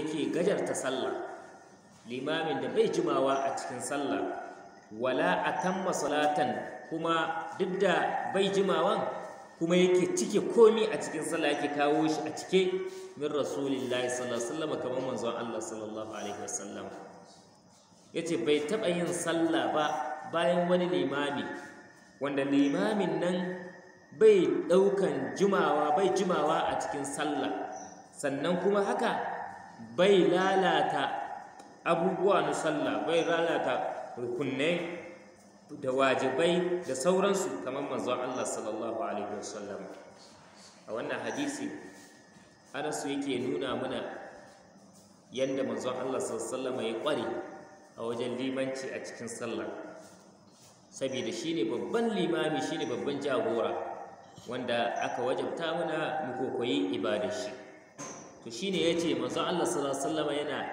yake gajarta sallah limamin da bai jimawa a cikin sallah wala atamma salatan kuma duk da bai jimawan kuma yake cike komi a cikin sallah yake kawo shi a cike min rasulillahi sallallahu alaihi wasallam kamar manzon Allah sallallahu alaihi wasallam yace bai taba yin sallah ba bayan wani limami wanda limamin nan bai daukan jimawa bai jimawa a cikin sallah sannan kuma haka bai lalata abubuwa na sallah bai lalata rukunai da wajibai da sauransu kamar manzon Allah sallallahu alaihi wasallam a wannan hadisi anasu yake nuna mana yadda manzon Allah sallallahu alaihi ya kware a wajen limanci a cikin sallah saboda shine babban limami shine babban jagora wanda aka wajabta mana mu kokoyi ibadar shi to ya ne manzon Allah sallallahu yana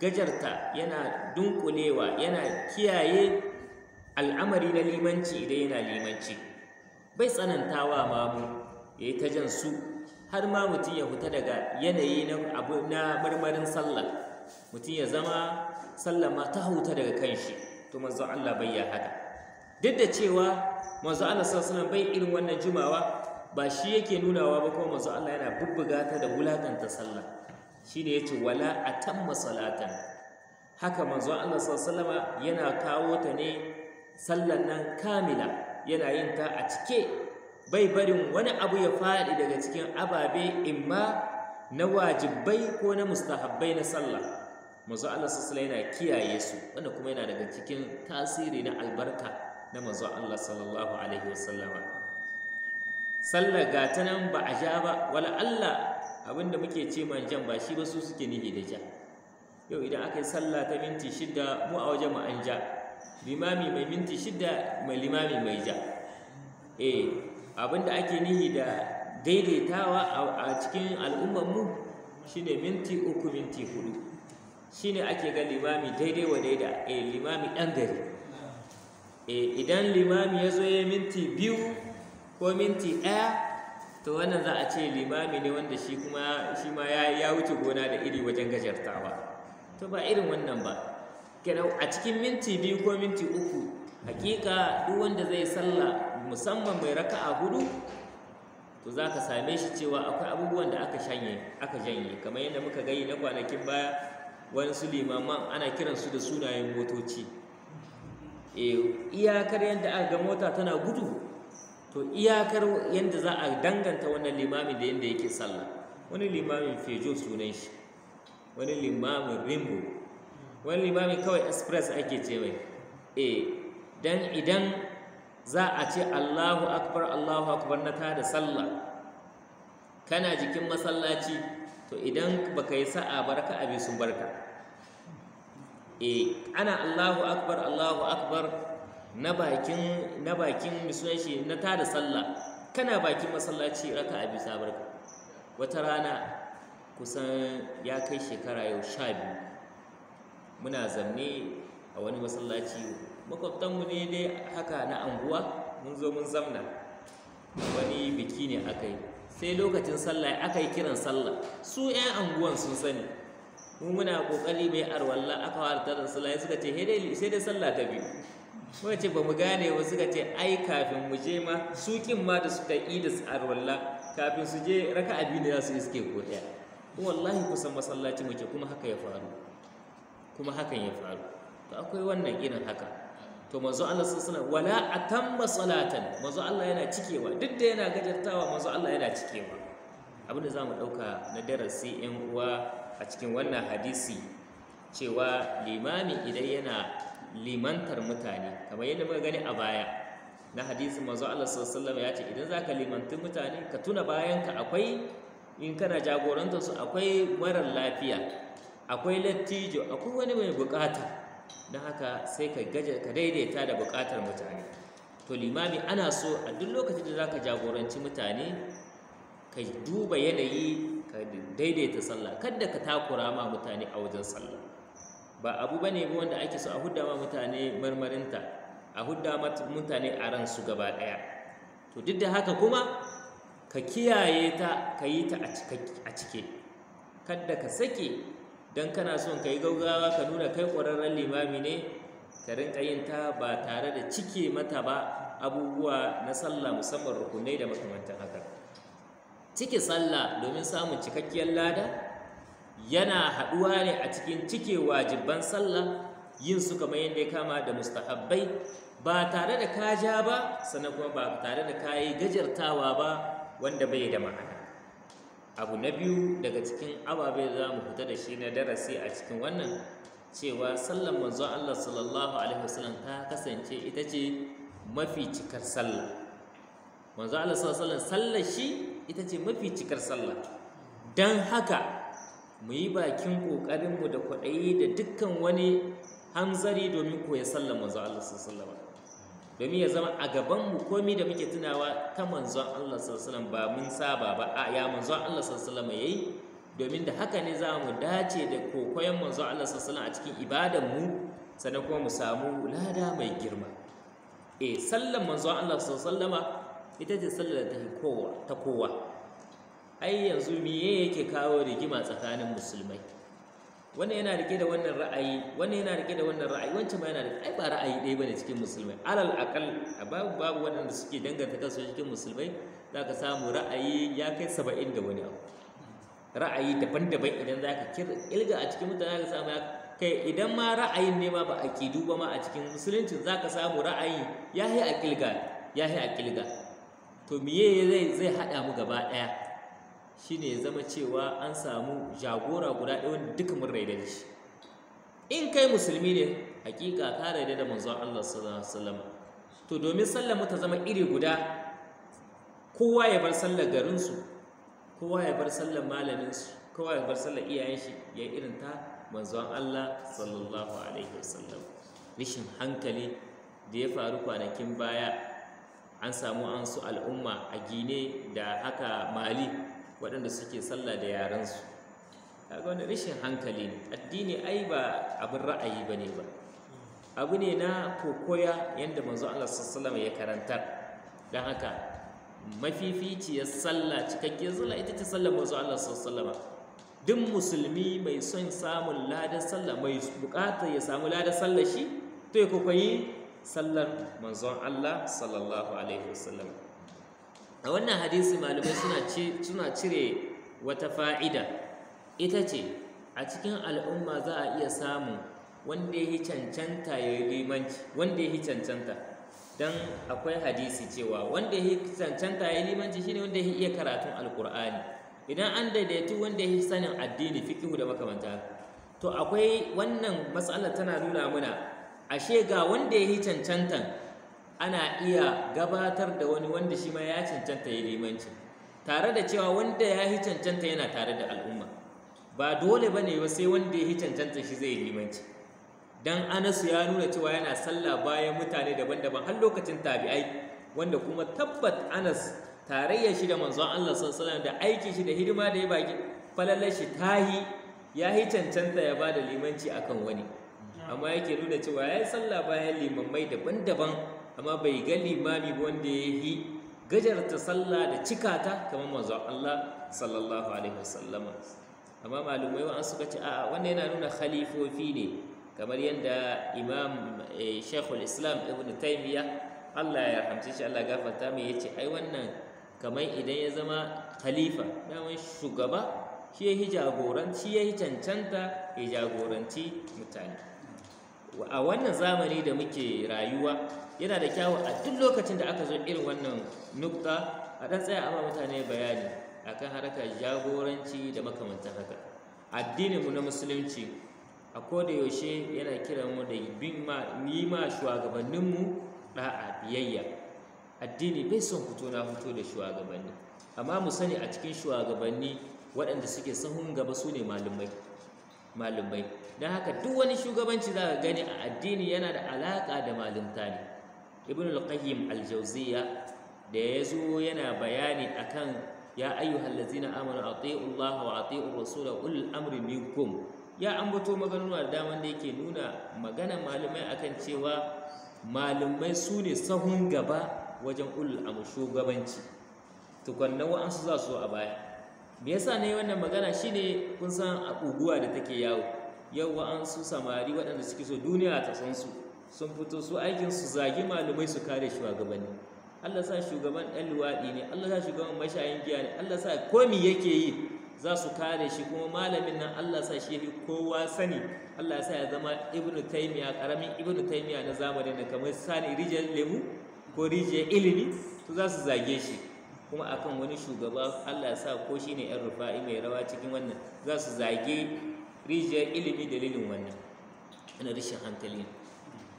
gajarta yana dunkulewa yana kiyaye al'amari na limanci idan yana limanci bai tsanantawa mamu yi ta jan su har ma mutum ya fita daga yanayi na abu na marmarin sallah mutum ya zama sallah ma ta hauta daga kanshi to manzon Allah bai ya haka duk da cewa manzo Allah sallallahu alaihi bai irin wannan jumawa ba shi yake nunawa ba kuma manzo Allah yana bubbuga ta da wulakanta sallah ya yace wala atamma salatan haka manzo Allah sallallahu yana kawo ta ne sallan nan kamila yana yin ta a cike bai barin wani abu ya faɗi daga cikin ababe imma na wajibai ko na mustahabbai na sallah manzo Allah sallallahu yana kiyaye su wanda kuma yana daga cikin tasiri na albarka na manzo Allah sallallahu alaihi wasallama sallar ga ta nan ba a ja ba wala Allah abinda muke ce man jan ba shi ba su suke nihi da ja yau idan aka yi sallah ta minti shida mu a wajen mu an ja limami mai minti shida mai limami mai ja eh abinda ake nihi da daidaitawa a cikin al'ummar mu shine minti uku minti hudu shine ake ga limami daidai wa daida eh limami ɗan gari eh idan limami ya zo ya minti biyu ko minti ɗaya to wannan za a ce limami ne wanda shi kuma shi ma ya wuce gona da iri wajen gajartawa to ba irin wannan ba a cikin minti biyu ko minti uku hakika duk wanda zai sallah musamman mai a gudu? to za ka same shi cewa akwai abubuwan da aka shanye aka janye kamar yadda muka gani na kwanakin baya wani su limaman ana kiransu da sunayen motoci eh, iyakar yadda aka ga mota tana gudu to iyakar yadda za a danganta wannan limamin da yadda yake sallah wani limamin fejo sunan shi wani limamin rimbo wani limamin kawai express ake ce mai eh dan idan za a ce allahu akbar allahu akbar na tada sallah kana jikin masallaci to idan baka yi sa'a barka abin sun barka eh ana allahu akbar allahu akbar na bakin na bakin shi na tada sallah kana bakin masallaci raka'a biyu ta barka wata rana kusan ya kai shekara yau sha biyu muna zamne a wani masallaci makwabtanmu ne dai haka na anguwa mun zo mun zamna wani biki ne aka yi sai lokacin sallah aka yi kiran sallah su 'yan anguwan sun sani mu muna kokari mai arwalla aka wa da sallah suka ce sai dai sallah ta biyu suka ce ba mu gane ba suka ce ai kafin mu je ma su ma da suka yi da tsarwalla kafin su je raka abin da za su iske ko ɗaya wallahi kusan masallaci muke kuma haka ya faru kuma hakan ya faru to akwai wannan irin haka to manzo Allah sun wala atamma salatan manzo Allah yana cikewa duk da yana gajartawa manzo Allah yana cikewa abin da zamu dauka na darasi yan uwa a cikin wannan hadisi cewa limami idan yana limantar mutane kamar yadda muka gani a baya na hadisin manzo Allah sallallahu ya ce idan zaka limantar mutane ka tuna bayan ka akwai in kana jagorantar su akwai marar lafiya akwai lattijo akwai wani mai bukata don haka sai ka gaje ka daidaita da bukatar mutane to limami ana so a duk lokacin da zaka jagoranci mutane ka duba yanayi ka daidaita sallah kada ka takura ma mutane a wajen sallah ba abu bane ba wanda ake so a hudda ma mutane marmarinta a hudda mutane a ransu gaba ɗaya to duk da haka kuma ka kiyaye ta ka yi ta a cike kadda ka sake don kana son ka yi gaugawa ka nuna kai ƙwararren limami ne ka rinka yin ta ba tare da cike mata ba abubuwa na sallah musamman rukunai da makamantan haka cike sallah domin samun cikakkiyar lada yana haɗuwa ne a cikin cike wajiban sallah yin su kamar yadda ya kama da mustahabbai ba tare da ka ja ba sannan kuma ba tare da ka yi gajartawa ba wanda bai da ma'ana abu na biyu daga cikin ababe za mu fita da shi na darasi a cikin wannan cewa sallan manzo Allah sallallahu alaihi wasallam ta kasance ita ce mafi cikar sallah manzo Allah sallallahu alaihi wasallam sallar shi ita ce mafi cikar sallah dan haka mu yi bakin ƙoƙarinmu da kwaɗayi da dukkan wani hanzari domin koya sallama manzon Allah sallallahu alaihi domin ya zama a gabanmu komai da muke tunawa ta manzon Allah sallallahu ba mun saba ba a ya manzon Allah sallallahu ya yi domin da haka ne za mu dace da kokoyen manzon Allah sallallahu a cikin mu sannan kuma mu samu lada mai girma eh sallan manzon Allah sallallahu ita ce sallar ta kowa ai yanzu miye yake kawo rigima tsakanin musulmai wannan yana rike da wannan ra'ayi wannan yana rike da wannan ra'ayi wancan ma yana da ai ba ra'ayi ɗaya bane cikin musulmai alal aqal babu babu da suke danganta kansu cikin musulmai zaka samu ra'ayi ya kai saba'in da wani abu ra'ayi daban-daban idan zaka kirga a cikin mutane zaka samu ya kai idan ma ra'ayin ne ma ba a kidu ba ma a cikin musulunci zaka samu ra'ayi ya yi a kilga ya yi a kilga to miye zai zai haɗa mu gaba ɗaya ne ya zama cewa an samu jagora guda ɗaya wanda duka mun raida da shi in kai musulmi ne hakika ka raida da manzo Allah sallallahu alaihi wasallam to domin sallar ta zama iri guda kowa ya bar sallar garin su kowa ya bar sallar malamin su kowa ya bar sallar iyayen shi ya irin ta manzo Allah sallallahu alaihi wasallam rishin hankali da ya faru kwanakin baya an samu an su al'umma a gine da haka mali waɗanda suke sallah da yarensu kaga wani rashin hankali ne addini ai ba abin ra'ayi ba ne ba abu ne na kokoya yadda manzo Allah sallallahu ya karantar dan haka mafificiyar sallah cikakkiyar sallah ita ce sallar manzo Allah sallallahu duk musulmi mai son samun ladan sallah mai bukatar ya samu ladan sallah shi to ya kokoyi sallar manzon Allah sallallahu alaihi wasallam a wannan hadisi malamai suna cire wata fa'ida ita ce a cikin al'umma za a iya samun wanda ya yi cancanta ya yi limanci wanda ya yi cancanta don akwai hadisi cewa wanda ya yi cancanta ya yi limanci shine wanda ya iya karatun alkur'ani idan an daidaitu wanda ya yi sanin addini fikihu da makamanta to akwai wannan matsalar tana nuna muna ashe ga wanda ya yi cancantan ana iya gabatar da wani wanda shi ma ya cancanta ya limanci tare da cewa wanda ya yi cancanta yana tare da al'umma ba dole ba ne ba sai wanda ya yi cancanta shi zai limanci dan anasu ya nuna cewa yana sallah bayan mutane daban-daban har lokacin tabi'ai wanda kuma tabbat anas tarayyar shi da manzon Allah sallallahu da aikin shi da hidima da ya baki falalar shi tahi ya yi cancanta ya ba da limanci akan wani amma yake nuna cewa ya yi sallah bayan limammai daban-daban amma bai ga limami wanda ya yi gajarta sallah da cika ta kamar manzo Allah sallallahu alaihi wasallama amma malumai wa suka ce a wannan yana nuna khalifofi ne kamar yadda imam eh, shekul islam ibn taimiya Allah ya rahamce shi Allah gafarta mai yace ai wannan kamar idan ya zama khalifa daman shugaba shi ya yi jagoranci ya yi cancanta ya jagoranci mutane a wannan zamani da muke rayuwa yana da kyawu a duk lokacin da aka zo irin wannan nukta a ɗan tsaya a mutane bayani akan harkar jagoranci da makamantar haka addininmu na musulunci a yaushe yana kiran mu da yi ma shugabanninmu ɗa'a biyayya addini bai son fito na fito da shugabanni amma mu sani a cikin shugabanni waɗanda suke sahun gaba su ne malumai malumai don haka duk wani shugabanci za ka gani a addini yana da alaƙa da malumta ne ibn al-qayyim al-jawziya da ya zo yana bayani akan ya ayyuhal ladzina amanu ati'u Allah wa ati'u rasula ulul amri minkum ya ambato maganuna da daman da yake nuna magana malumai akan cewa malumai su ne sahun gaba wajen ulul amri shugabanci tukunna wa'ansu za su a baya me yasa ne wannan magana shine kun san abubuwa da take yawo yau an su samari waɗanda suke so duniya ta san su sun fito su aikin su zagi malumai su kare shugabanni Allah sa shugaban ɗan luwaɗi ne Allah sa shugaban mashayin giya ne Allah sa komi yake yi za su kare shi kuma malamin nan Allah sa shi yafi kowa sani Allah sa ya zama ibnu taymiya karamin ibnu taymiya na zamani, da kamar sani rijiyar lemu ko rijiyar ilimi to za su zage shi kuma akan wani shugaba Allah sa ko shine yan rufa'i mai rawa cikin wannan za su zage rijiyar ilimi dalilin wannan ana rashin hankali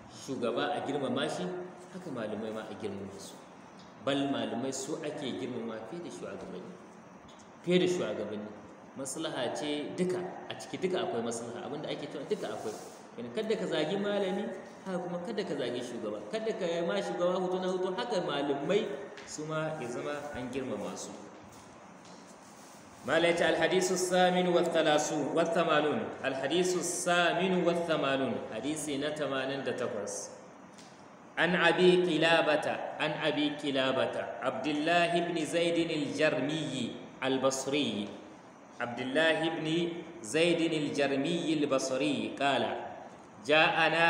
shugaba a girmama shi haka malamai ma a girmama su bal malamai su ake girmama fiye da shugabanni fiye da shugabanni maslaha ce duka a ciki duka akwai maslaha abinda ake tuna duka akwai kada ka zagi malami haka kuma kada ka zagi shugaba kada ka yi ma shugaba hutu na hutu haka malamai su ma ya zama an girmama su malaita alhadisu saminu wa talasu wa tamanun alhadisu saminu wa tamanun hadisi na tamanin da takwas an abi kilabata abdullahi ibn zaidin aljarmiyi albasri abdullahi ibn zaidin ja'ana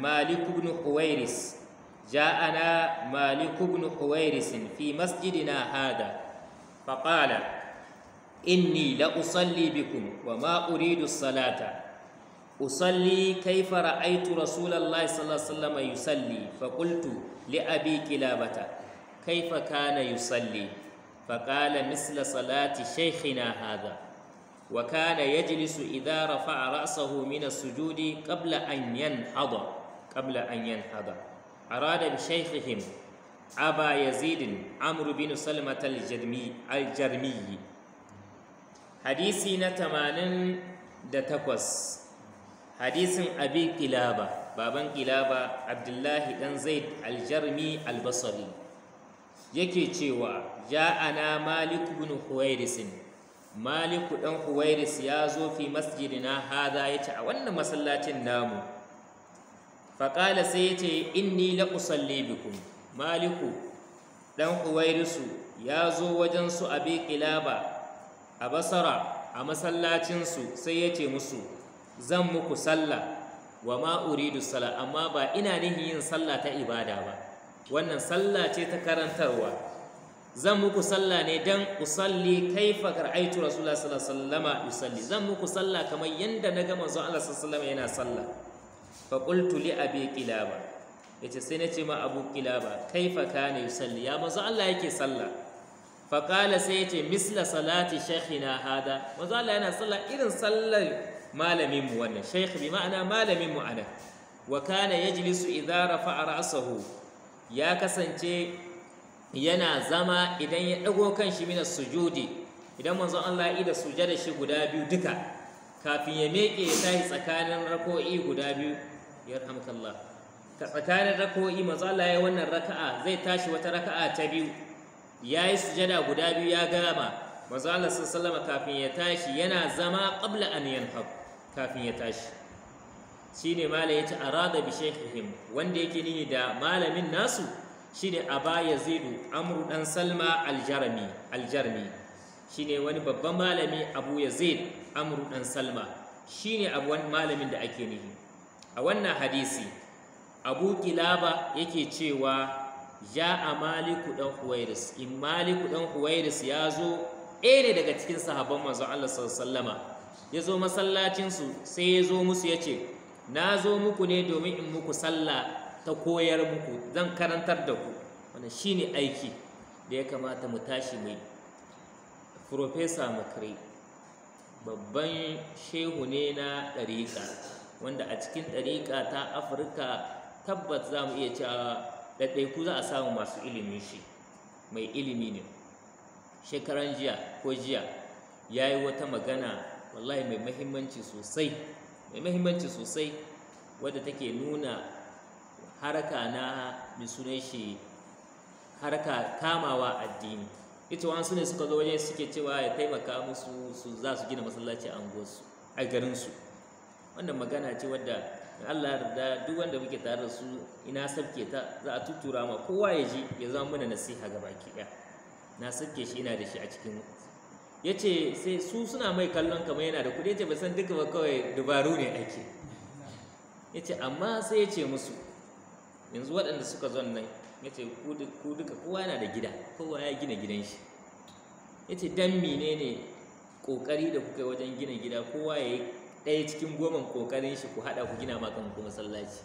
malik ibn huwairis ja'ana malik ibn huwairis fi masjidina hada faqala inni la usalli bikum wa ma uridu salata usalli kaifa ra'aytu rasulallahi sallallahu alaihi wasallam yusalli faqultu li abi kilabata kaifa kana yusalli فقال مثل صلاة شيخنا هذا wa kana yajlisu idza rafa'a ra'sahu min as-sujudi qabla an yanhada qabla an yanhada arada bi aba yazid Amru bin salmat al-jadmi al-jarmi hadisi na hadisin abi kilaba baban kilaba abdullahi dan zaid aljarmi albasari yake cewa ja'ana malik bin huwairisin maliku ɗan huwairis ya zo fi masjidina haza ya ce a wannan masallacin namu faƙala sai ya ce inni la usalli bikum maliku ɗan huwairisu ya zo wajen su bi kilaba a basara a masallacinsu sai ya ce musu zan muku sallah wa ma uridu sallah amma ba ina nihin yin sallah ta ibada ba wannan sallah ce ta karantarwa zan muku sallah ne dan usalli kaifa qara'aitu rasulullah sallallahu alaihi wasallama yusalli zan muku sallah kamar yanda naga manzon Allah sallallahu alaihi wasallama yana sallah fa qultu li abi qilaba yace sai nace ma abu kilaba. kaifa kana yusalli ya manzon Allah yake sallah fa qala sai yace misla salati shaykhina hada manzon Allah yana sallah irin sallar malamin mu wannan shaykh bi ma'ana malamin mu ana wa kana yajlisu idza rafa'a ra'sahu ya kasance yana zama idan ya ɗago kan shi mina sujudi idan manzo Allah ya ida sujada shi guda biyu duka kafin ya meke ya tashi tsakanin rako'i guda biyu yarhamukallah ka tsakanin rako'i manzo Allah ya wannan raka'a zai tashi wata raka'a ta biyu yayi sujada guda biyu ya gama manzo Allah sallallahu kafin ya tashi yana zama qabla an yanhab kafin ya tashi shine malai yace arada bi shaykhihim wanda yake nini da malamin nasu ne a baya yazidu amru ɗan salma aljarmi aljarmi shine wani babban malami abu yazid amru ɗan salma ne abu wani malamin da ake nihi a wannan hadisi abu kilaba yake cewa ya a maliku dan huwairis in maliku dan huwairis ya zo ɗaya daga cikin sahabban manzon Allah sallama ya zo masallacinsu sai ya zo musu ya ce na zo muku ne domin in muku sallah ta koyar muku zan karantar da ku shi shine aiki da ya kamata mu tashi mai Profesa Makare babban shehu ne na ɗariƙa wanda a cikin ɗariƙa ta Afirka tabbat za mu iya cewa ɗaiɗaiku za a samu masu ilimi shi mai ilimi ne shekaran jiya ko jiya ya yi wata magana wallahi mai mahimmanci sosai mai mahimmanci sosai wadda take nuna haraka na mai shi haraka kamawa addini ita wasu ne suka zo waje suke cewa ya taimaka musu su za su gina masallaci a unguwarsu a garinsu wannan magana ce wadda Allah yarda duk wanda muke tare da su ina sabke ta za a tuttura ma kowa ya ji ya zama mana nasiha ga baki ɗaya na sabke shi ina da shi a cikin ya ce sai su suna mai kallon kamar yana da kuɗi ya ce ba san duka ba kawai dubaru ne ake ya ce amma sai ya ce musu yanzu waɗanda suka zo nan ya ce ku duka kowa yana da gida kowa ya gina gidan shi ya ce dan mine ne ƙoƙari da kuka wajen gina gida kowa ya yi ɗaya cikin goman ƙoƙarin shi ku haɗa ku gina maka kanku masallaci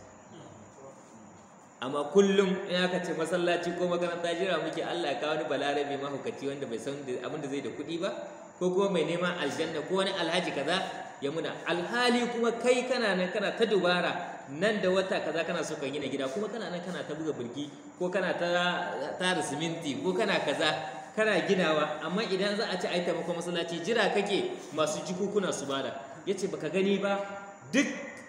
amma kullum in aka ce masallaci ko makaranta jira muke Allah ya kawo ni balarabe mahaukaci wanda bai san abin da zai da kuɗi ba ko kuma mai neman aljanna ko wani alhaji kaza ya muna alhali kuma kai kana nan kana ta dubara nan da wata kaza kana so ka gina gida kuma kana nan kana ta buga bulki ko kana ta tara siminti ko kana kaza kana ginawa amma idan za a ci a yi taimakon masallaci jira kake masu jikukuna su bada ya ce baka gani ba duk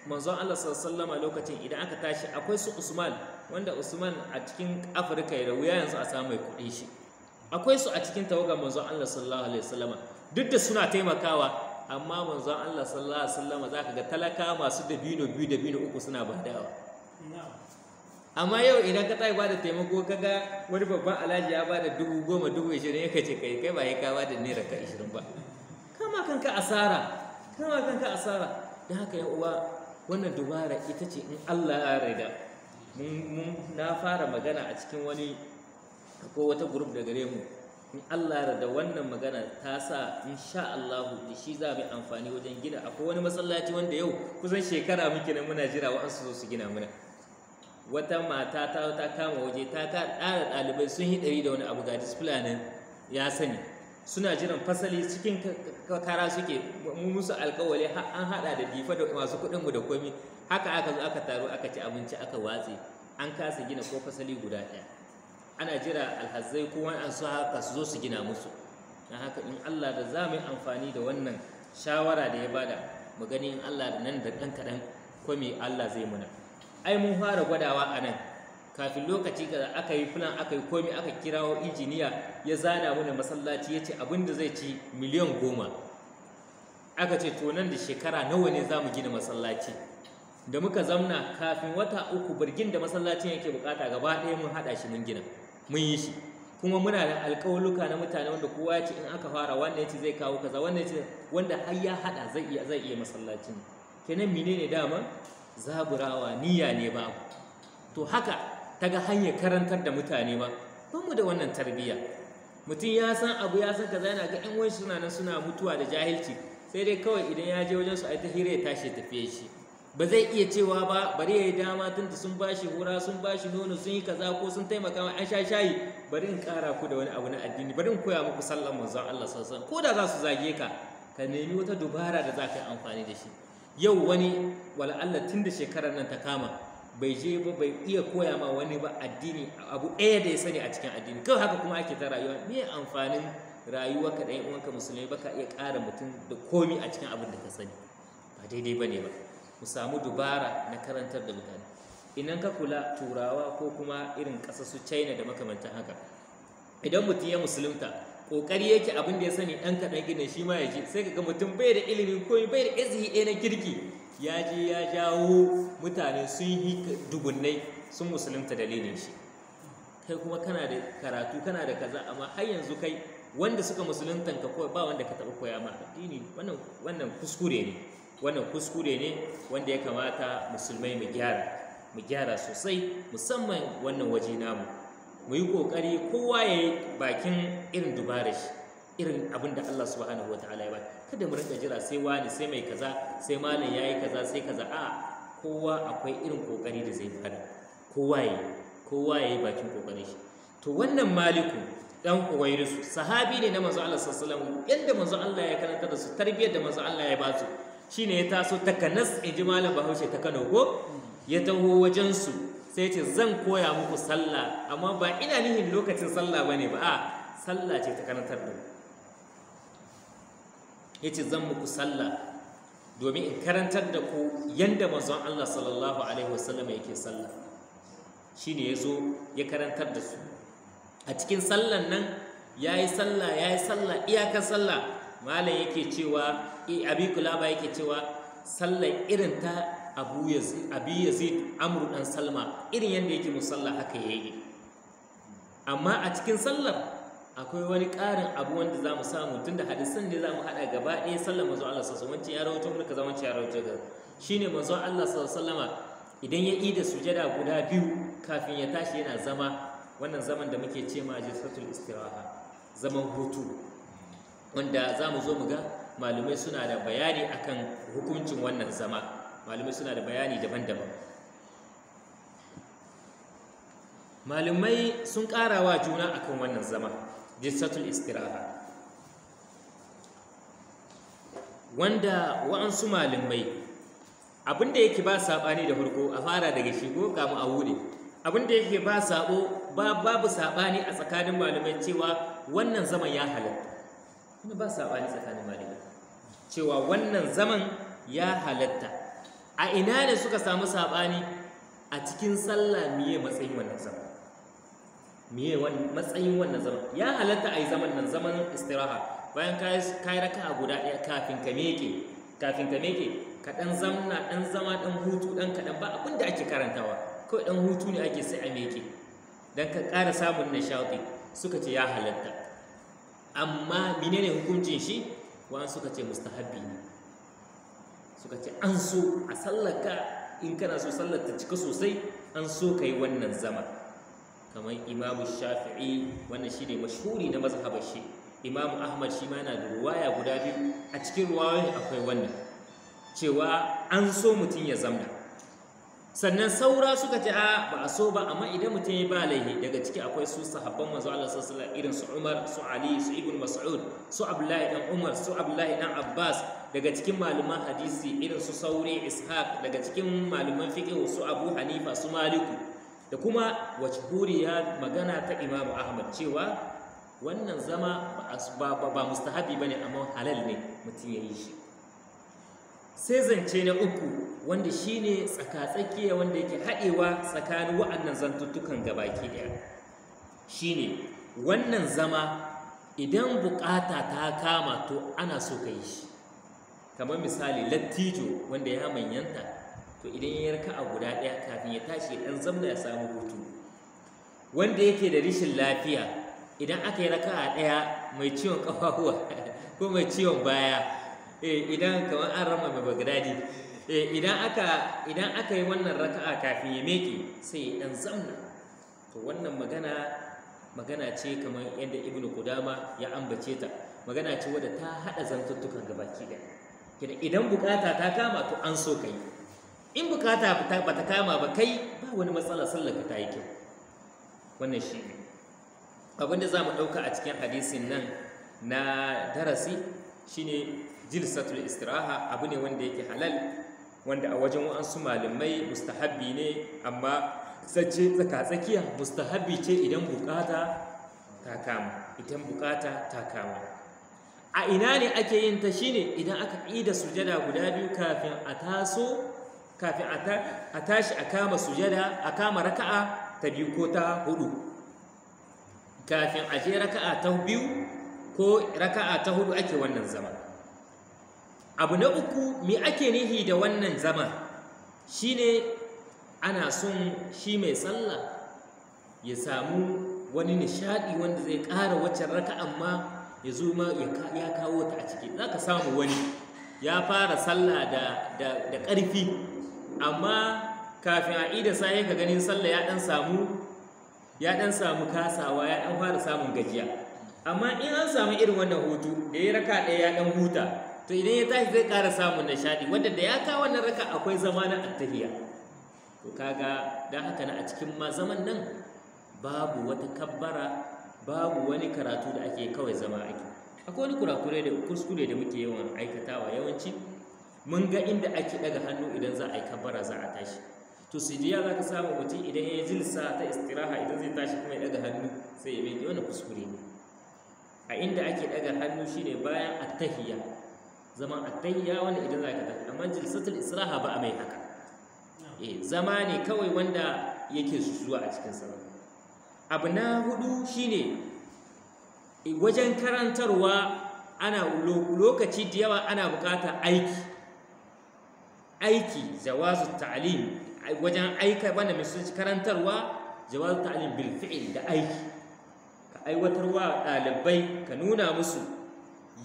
manzon Allah sallama lokacin idan aka tashi akwai su Usman wanda Usman a cikin Afirka ya rawuya yanzu a samu mai shi akwai su a cikin tawagar manzon Allah sallallahu alaihi duk da suna taimakawa amma manzon Allah sallallahu alaihi wasallam ka ga talaka masu dabino biyu dabino uku suna badawa amma yau idan ka tsaye bada taimako ka ga wani babban alhaji ya bada dubu goma dubu ishirin ya kace kai kai ba ya ka bada naira ka ishirin ba kama kanka asara kama kanka asara don haka yan uwa wannan dubara ita ce in Allah ya rida mun na fara magana a cikin wani ko wata group da gare mu in Allah da wannan magana ta sa insha Allah da shi za mu amfani wajen gina akwai wani masallaci wanda yau kusan shekara muke nan muna jira wa su zo su gina mana wata mata ta ta kama waje ta ka ɗara ɗalibai sun yi ɗari da wani abu ga displanin ya sani suna jiran fasali cikin kara suke mu musu alkawali an haɗa da difa da masu kuɗin mu da komi haka aka zo aka taru aka ci abinci aka watse an kasa gina ko fasali guda ɗaya ana jira alhazai ko wani an haka su zo su gina musu na haka in Allah da za mu yi amfani da wannan shawara da ya bada mu gani in Allah da nan da ɗan kaɗan ko me Allah zai muna ai mun fara gwadawa a nan kafin lokaci ga aka yi filan aka yi komi aka kirawo injiniya ya zana mana masallaci ya ce abin da zai ci miliyan goma aka ce to nan da shekara nawa ne za mu gina masallaci da muka zamna kafin wata uku birgin da masallacin yake bukata gaba ɗaya mun haɗa shi mun gina mun yi shi kuma muna da alƙawuluka na mutane wanda kowa ya ce in aka fara wannan ya ce zai kawo kaza wannan ya ce wanda har ya haɗa zai iya zai iya masallacin kenan menene dama zaburawa niyya ne ba to haka ta ga hanyar karantar da mutane ba ba mu da wannan tarbiyya mutum ya san abu ya san kaza yana ga ƴan wani suna nan suna mutuwa da jahilci sai dai kawai idan ya je wajen su a ta hira ya tashi tafiye shi ba zai iya cewa ba bari ya yi dama tunda sun ba shi hura sun ba shi nono sun yi kaza ko sun taimaka wa an sha shayi bari in kara ku da wani abu na addini bari in koya muku sallan manzon Allah sallallahu ko da za su zage ka ka nemi wata dubara da za ka yi amfani da shi yau wani wala Allah da shekarar nan ta kama bai je ba bai iya koya ma wani ba addini abu ɗaya da ya sani a cikin addini kawai haka kuma ake ta rayuwa me amfanin rayuwa ka ɗan uwanka musulmi baka iya ƙara mutum da komi a cikin abin da ka sani ba daidai ba ba mu samu dubara na karantar da mutane inan ka kula turawa ko kuma irin ƙasa su china da makamantan haka idan mutum ya musulunta ƙoƙari yake abin da ya sani ɗan kaɗan gina shi ma ya je, sai ka ga mutum bai da ilimi ko bai da izini e na kirki ya je ya jawo mutane sun yi dubunnai sun musulunta dalilin shi kai kuma kana da karatu kana da kaza amma har yanzu kai wanda suka musulunta ka ba wanda ka taɓa koya ma addini wannan kuskure ne wannan kuskure ne wanda ya kamata musulmai mu gyara mu gyara sosai musamman wannan waje namu mu yi ƙoƙari kowa ya yi bakin irin dubara shi irin abin da Allah subhanahu wa ta'ala ya ba kada mu rinka jira sai wani sai mai kaza sai malam yayi kaza sai kaza a kowa akwai irin kokari da zai fara kowa yi. kowa yayi bakin kokarin shi to wannan maliku dan kuwairisu sahabi ne na manzo Allah sallallahu alaihi wasallam yanda manzo Allah ya karanta da su tarbiyyar da manzo Allah ya ba su ne ya taso takanas in ji malam bahaushe ta kano ko ya taho wajensu sai ce zan koya muku sallah amma ba ina nihin lokacin sallah ba ne ba a sallah ce ta karantar da ya ce zan muku sallah domin in karantar da ku yadda mazan Allah sallallahu alaihi wasallam yake sallah ne ya zo ya karantar da su a cikin sallan nan ya yi sallah ya yi sallah iyakar sallah malam yake cewa E, abi kulaba yake cewa sallar irin ta abu yazid amru dan salma irin yadda yake musalla haka ya yi amma a cikin sallar akwai wani ƙarin abu wanda za mu samu tun da hadisan ne za mu haɗa gaba ɗaya sallar mazu Allah sassu wancan ya rahoto kuma kaza wancan ya rahoto kaza shi ne mazu Allah sassu sallama idan ya ida sujada guda biyu kafin ya tashi yana zama wannan zaman da muke ce ma jisatul istiraha zaman hutu wanda za mu zo mu ga malumai suna da bayani akan hukuncin wannan zama malamai suna da bayani daban-daban malamai sun karawa juna akan wannan zama jisatul istiraha wanda wa'ansu malamai abinda yake ba saɓani da farko a fara daga shigo kamu a wuri abinda yake ba saɓo babu saɓani a tsakanin malamai cewa wannan zaman ya halatta ba saɓani tsakanin malamai cewa wannan zaman ya halatta a ina ne suka samu saɓani a cikin sallah miye matsayin wannan zaman miye matsayin wannan zaman ya halatta a yi zaman nan zaman istiraha bayan ka raka a guda ɗaya kafin ka meke kafin ka meke ka ɗan zamna ɗan zama ɗan hutu ɗan kaɗan ba abin da ake karantawa kawai ɗan hutu ne ake sai a meke don ka ƙara samun nishaɗi suka ce ya halatta amma menene hukuncin shi wani suka ce mustahabbi ne suka ce an so a sallaka in kana so sallar ta cika sosai an so ka yi wannan zama kamar imamu shafi'i wannan shi ne mashuri na mazhabar shi imamu ahmad shi ma yana da ruwaya guda biyu a cikin ruwayoyin akwai wannan cewa an so mutum ya zamna sannan saura suka ce a ba a so ba amma idan mutum ya ba laihi daga ciki akwai su sahabban manzo Allah sallallahu irin su Umar su Ali su Ibn Mas'ud su Abdullahi dan Umar su Abdullahi dan Abbas daga cikin malaman hadisi irin su Sauri Ishaq daga cikin malaman fiqh su Abu Hanifa su Maliku da kuma ya magana ta Imam Ahmad cewa wannan zama ba ba, ba mustahabi bane amma halal ne mutum ya yi shi sai zance na uku wanda shine tsakatsakiya wanda yake haɗewa tsakanin wa'annan zantuttukan gabaki ɗaya ne wannan zama idan buƙata ta kama to ana so ka yi shi kamar misali lattijo wanda ya manyanta to idan ya yarka a guda ɗaya kafin ya tashi ya ɗan zamna ya samu hutu wanda yake da rishin lafiya idan aka yi raka a ɗaya mai ciwon ƙafafuwa ko mai ciwon baya Eh, idan kamar an rama mai bagdadi eh, idan aka yi wannan raka'a kafin ya meke sai ya dan zamna to wannan magana magana ce kamar yadda ibn kudama ya ambace ta magana ce wadda ta hada zantuttukan gabaki daya kina idan bukata ta kama to an so kai in bukata ba ta kama ba kai ba wani matsala sallaka ta yi kyau wannan shi abinda za mu ɗauka a cikin hadisin nan na darasi shine jilsatul istiraha abu ne wanda yake halal wanda a wajen wa'ansu malamai mustahabbi ne amma sace tsakatsakiya mustahabbi ce idan bukata ta kama idan bukata ta kama a ina ne ake yin ta shine idan aka da sujada guda biyu kafin a taso kafin a tashi a kama sujada a kama raka'a ta biyu ko ta hudu kafin a je raka'a ta biyu ko raka'a ta hudu ake wannan zama abu na uku me ake nihi da wannan zama shine ana son shi mai sallah ya samu wani nishadi wanda zai ƙara waccan raka amma ya zo ma ya kawo ta a ciki za ka samu wani ya fara sallah da ƙarfi amma kafin a ida sa ka ganin sallah ya ɗan samu ya ɗan samu kasawa ya ɗan fara samun gajiya amma in an samu irin wannan hutu da ya raka ɗaya ya ɗan huta to idan ya tashi zai ƙara samun nishaɗi wanda da ya kawo wannan raka akwai zama na attahiya to kaga dan haka na a cikin ma zaman nan babu wata kabbara babu wani karatu da ake kawai zama ake akwai wani kurakure da kuskure da muke yawan aikatawa yawanci mun ga inda ake ɗaga hannu idan za a yi kabbara za a tashi to sijiya za ka samu mutum idan ya jilsa ta istiraha idan zai tashi kuma ya daga hannu sai ya mai wani kuskure ne a inda ake daga hannu shine bayan attahiya zaman attahiya wanda idan za ka tafi amma jilsatul israha ba a mai haka eh zama ne kawai wanda yake zuwa a cikin sallah abu na hudu shine wajen karantarwa ana lokaci da yawa ana bukata aiki aiki jawazu ta'lim wajen aika wanda mai karantarwa jawazu ta'lim bil fi'l da aiki ka aiwatar wa ɗalibai ka nuna musu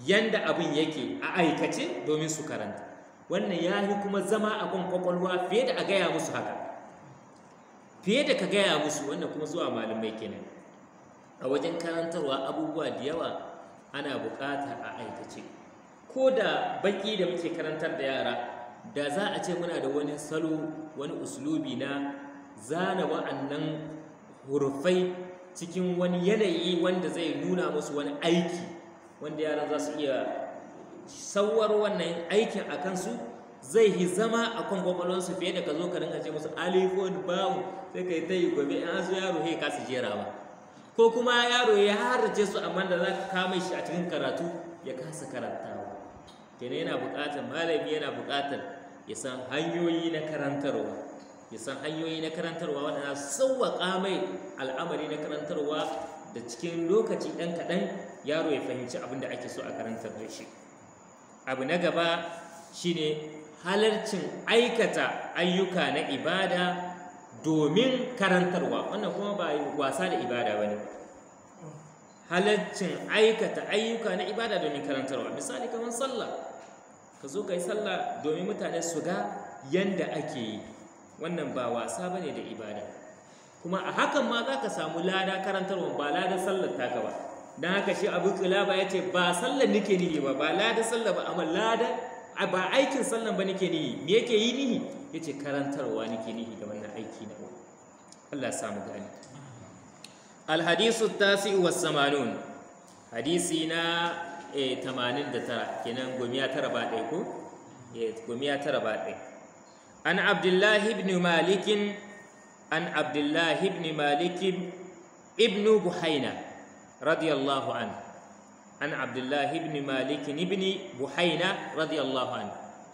yanda abin yake a aikace domin su karanta wannan ya yi kuma zama a kan kwakwalwa fiye da a gaya musu haka fiye da ka gaya musu wannan kuma zuwa malamai kenan a wajen karantarwa abubuwa da yawa ana bukata a aikace ko da baki da muke karantar da yara da za a ce muna da wani salo wani uslubi na zana wa'annan hurufai cikin wani yanayi wanda zai nuna musu wani aiki wanda yaran za su iya sauwar wannan aikin a kansu zai yi zama a kan kwakwalonsu fiye da ka zo ka rinka ce musu alifon bawu sai ka yi ta yi gobe in zo yaro ya kasa jera ba ko kuma yaro ya harce su amma da za ka kama shi a cikin karatu ya kasa karantawa kenan yana buƙatar malami yana bukatar ya san hanyoyi na karantarwa ya san hanyoyi na karantarwa waɗanda sauwaƙa mai al'amari na karantarwa da cikin lokaci ɗan kaɗan yaro ya fahimci abin da ake so a karantar da shi abu na gaba shine halarcin aikata ayyuka na ibada domin karantarwa wannan kuma ba wasa da ibada ba ne halarcin aikata ayyuka na ibada domin karantarwa misali kamar sallah ka zo ka yi sallah domin mutane su ga yanda ake yi wannan ba wasa ba ne da ibada kuma a hakan ma za ka samu lada karantarwa ba lada sallar taka ba don haka shi abu kilaba ya ce ba sallar nike nihi ba ba lada sallar ba amma lada ba aikin sallar ba nike nihi me yake yi nihi ya ce karantarwa nike nihi ga wannan aiki na Allah samu gani alhadisu tasi wa samanun hadisi na 89 eh, kenan gomiya tara ba ɗaya ko eh, gomiya tara ba ɗaya an abdullahi ibn malikin ibn malikin buhaina radiyallahu an an abdullahi ibn malikin ibn buhaina radiyallahu an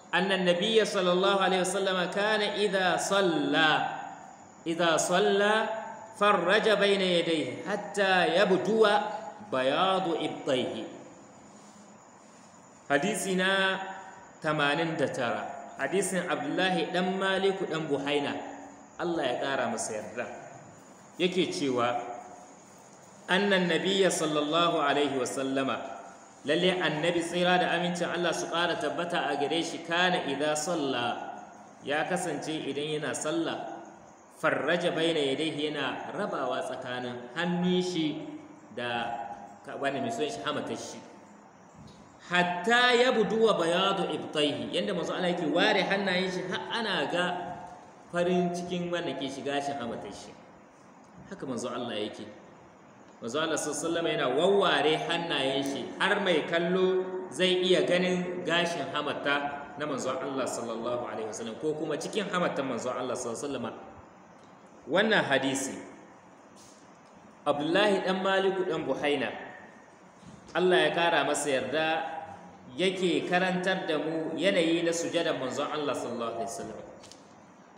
أن النبي صلى الله عليه وسلم كان إذا صلى إذا صلى فرج بين يديه حتى يبدو بياض إبطيه حديثنا 89 hadisin abdullahi dan maliku dan buhaina allah ya ƙara masa yarda yake cewa annan nabiya sallallahu alaihi wasallama lalle annabi tsira da amincin allah su kara tabbata a gare shi kana idan salla ya kasance idan yana sallah farraja baina yadayhi yana rabawa tsakanin hannun shi da wani mai shi hamatar shi hatta ya buduwa bayadu ibtaihi yanda manzo Allah yake ware hannayen shi har ana ga farin cikin wanda ke shiga shi hamatar shi haka manzo Allah yake manzo Allah sallallahu alaihi yana wawware hannayen shi har mai kallo zai iya ganin gashin hamata na manzo Allah sallallahu alaihi wasallam ko kuma cikin hamatan manzo Allah sallallahu alaihi wasallam wannan hadisi Abdullahi dan Maliku dan Buhaina Allah ya kara masa yarda yake karantar da mu yanayi na sujada manzon Allah sallallahu alaihi wasallam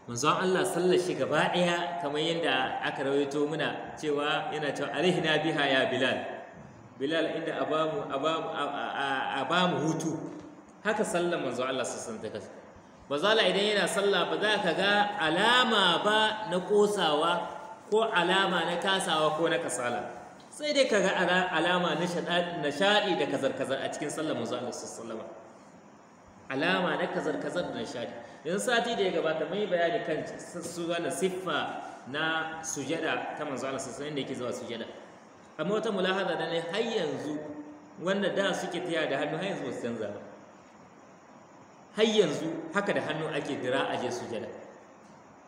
manzon Allah sallallahu shi gaba daya kamar yadda aka rawaito muna cewa yana cewa na biha ya bilal bilal inda abamu abamu abamu hutu haka sallar manzon Allah sallallahu alaihi wasallam bazala idan yana sallah ba za ka ga alama ba na kosawa ko alama na kasawa ko na kasala sai dai kaga alama na shaɗi da kazar-kazar a cikin sallar manzo Allah sallallahu alama na kazar-kazar da shaɗi. yanzu sati da ya gabata mai bayani kan su na siffa na sujada ta manzo Allah sallallahu alaihi yake zuwa sujada amma wata mulahaza da ne har yanzu wanda da suke taya da hannu har yanzu ba su canza ba har yanzu haka da hannu ake dira a je sujada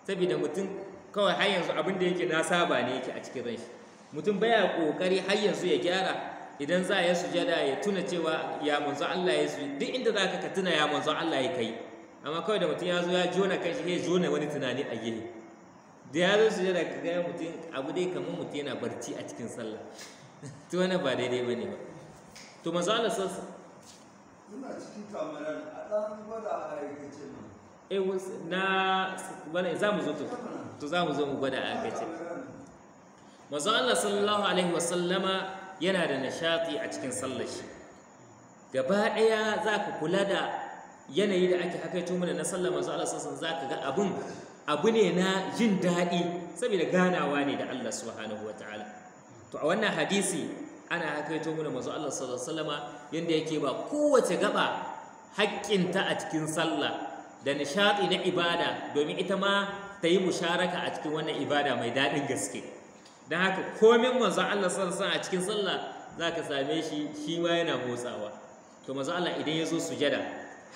saboda mutum kawai har yanzu abin da yake na saba ne yake a cikin ranshi mutum baya kokari har yanzu ya gyara idan za ya sujada ya tuna cewa ya manzo Allah ya sujada duk inda zaka ka tuna ya manzo Allah ya kai amma kawai da mutum ya zo ya jona shi ya jona wani tunani a gehe da ya zo sujada ka ga mutum abu dai kamar mutum yana barci a cikin sallah to wannan ba daidai bane ba to manzo Allah sallallahu muna cikin kamaran a ɗan gwada a aikace eh, na wani za mu zo to za mu zo mu gwada a aikace manzo Allah sallallahu alaihi wasallama yana da nishati a cikin sallar shi gaba ɗaya za ka kula da yanayi da ake hakaito mana na sallar manzo Allah sallallahu za ka ga abun abu ne na jin daɗi saboda ganawa ne da Allah subhanahu wataala to a wannan hadisi ana hakaito mana manzo Allah sallallahu alaihi wasallama yanda yake ba kowace gaba haƙƙinta a cikin sallah da nishaɗi na ibada domin ita ma ta yi musharaka a cikin wannan ibada mai daɗin gaske don haka komin manzon Allah sallallahu alaihi a cikin sallah zaka same shi shi ma yana motsawa to manzon Allah idan ya zo sujada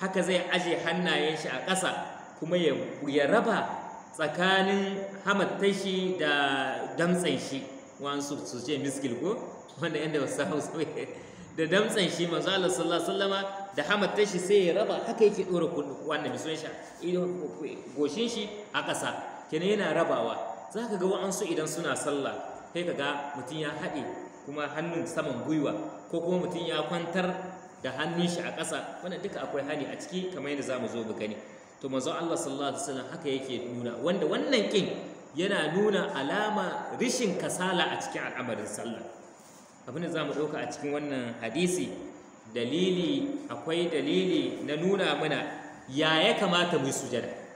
haka zai aje hannayen shi a ƙasa kuma ya raba tsakanin hamattar shi da damtsan shi wansu su ce miskil ko wanda yadda wasu hausa da damtsan shi manzo Allah sallallahu alaihi wasallama da hamattar shi sai ya raba haka yake dora wannan misuwan shi goshin shi a ƙasa kenan yana rabawa za ka ga wa'ansu idan suna sallah kai ka ga mutum ya haɗe kuma hannun saman gwiwa ko kuma mutum ya kwantar da hannun shi a ƙasa wannan duka akwai hani a ciki kamar yadda za mu zo mu gani to manzon Allah sallallahu alaihi wasallam haka yake nuna wanda wannan kin yana nuna alama rishin kasala a cikin al'amarin sallah abin da za mu ɗauka a cikin wannan hadisi dalili akwai dalili na nuna mana ya ya kamata mu yi sujada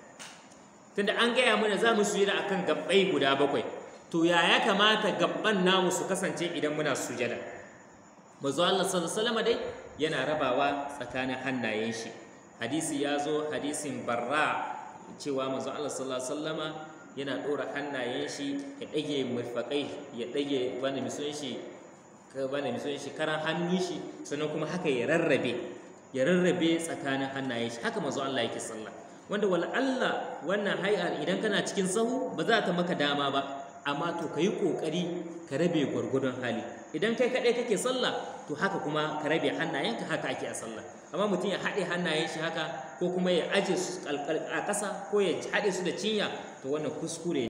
tunda an gaya mana za mu sujada akan gabbai guda bakwai to ya ya kamata gabban namu su kasance idan muna sujada manzo Allah sallallahu alaihi wasallam dai yana rabawa tsakanin hannayen shi hadisi ya zo hadisin barra cewa manzo Allah sallallahu alaihi wasallama yana dora hannayen shi ya dage murfaƙai ya dage wani misun shi wani misun shi karan hannun shi sannan kuma haka ya rarrabe ya rarrabe tsakanin hannayen shi haka manzo Allah yake sallah wanda wala Allah wannan hai'ar idan kana cikin sahu ba za ta maka dama ba amma to ka yi ƙoƙari ka rabe gwargwadon hali idan kai kaɗai kake sallah to haka kuma ka rabe hannayenka haka ake a sallah amma mutum ya haɗe hannayen shi haka ko kuma ya aje su a ƙasa ko ya haɗe su da cinya to wannan kuskure